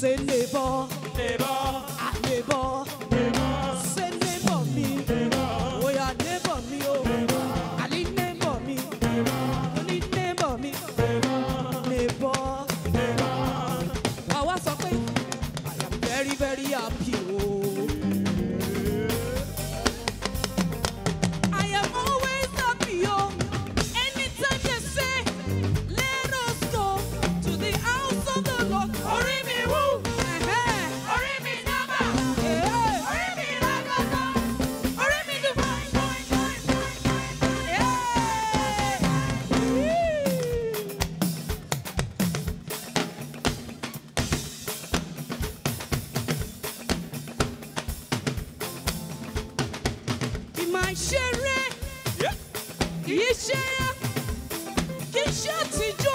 c'est les vents. Les vents. àṣẹrẹ kì í ṣe kì í ṣe àtijọ́.